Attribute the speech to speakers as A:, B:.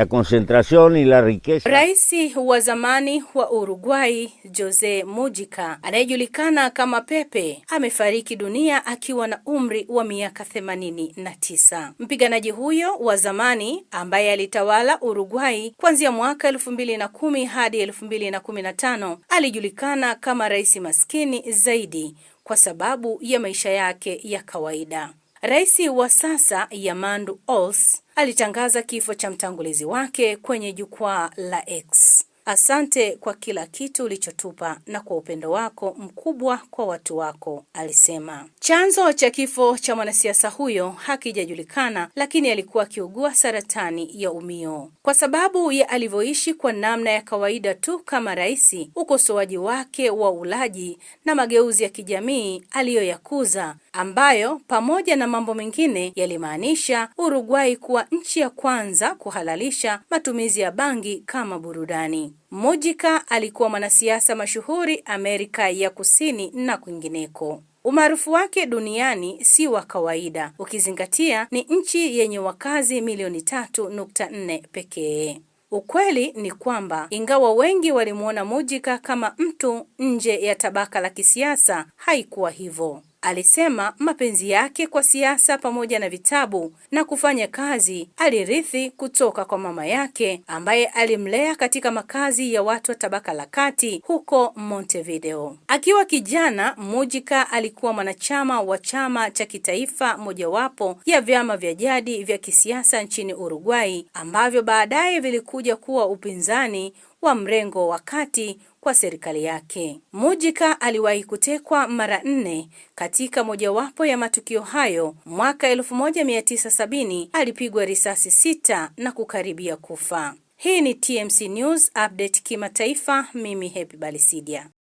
A: La concentración y la riqueza.
B: Rais wa zamani wa Uruguay Jose Mujica anayejulikana kama Pepe amefariki dunia akiwa na umri wa miaka 89 Mpiganaji huyo wa zamani ambaye alitawala Uruguay kuanzia mwaka 2010 hadi 2015 alijulikana kama rais maskini zaidi kwa sababu ya maisha yake ya kawaida. Rais wa sasa Yamandu Ols alitangaza kifo cha mtangulizi wake kwenye jukwaa la X. Asante kwa kila kitu ulichotupa na kwa upendo wako mkubwa kwa watu wako, alisema. Chanzo cha kifo cha mwanasiasa huyo hakijajulikana, lakini alikuwa akiugua saratani ya umio. Kwa sababu ya alivyoishi kwa namna ya kawaida tu kama rais, ukosoaji wake wa ulaji na mageuzi ya kijamii aliyoyakuza ambayo pamoja na mambo mengine yalimaanisha Uruguay kuwa nchi ya kwanza kuhalalisha matumizi ya bangi kama burudani. Mujica alikuwa mwanasiasa mashuhuri Amerika ya Kusini na kwingineko. Umaarufu wake duniani si wa kawaida ukizingatia ni nchi yenye wakazi milioni tatu nukta nne pekee. Ukweli ni kwamba ingawa wengi walimwona Mujica kama mtu nje ya tabaka la kisiasa, haikuwa hivyo alisema mapenzi yake kwa siasa pamoja na vitabu na kufanya kazi alirithi kutoka kwa mama yake ambaye alimlea katika makazi ya watu wa tabaka la kati huko Montevideo. Akiwa kijana, Mujika alikuwa mwanachama wa chama cha kitaifa, mojawapo ya vyama vya jadi vya kisiasa nchini Uruguay ambavyo baadaye vilikuja kuwa upinzani wa mrengo wa kati kwa serikali yake. Mujika aliwahi kutekwa mara nne. Katika mojawapo ya matukio hayo mwaka 1970 alipigwa risasi sita na kukaribia kufa. Hii ni TMC News Update kimataifa. Mimi Happy Balisidia.